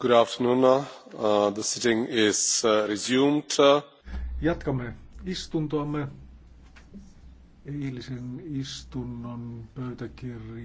Good afternoon. Uh, uh, the sitting is uh, resumed. Jatkamme istuntoamme. Eilisen istunnon pöytäkirja.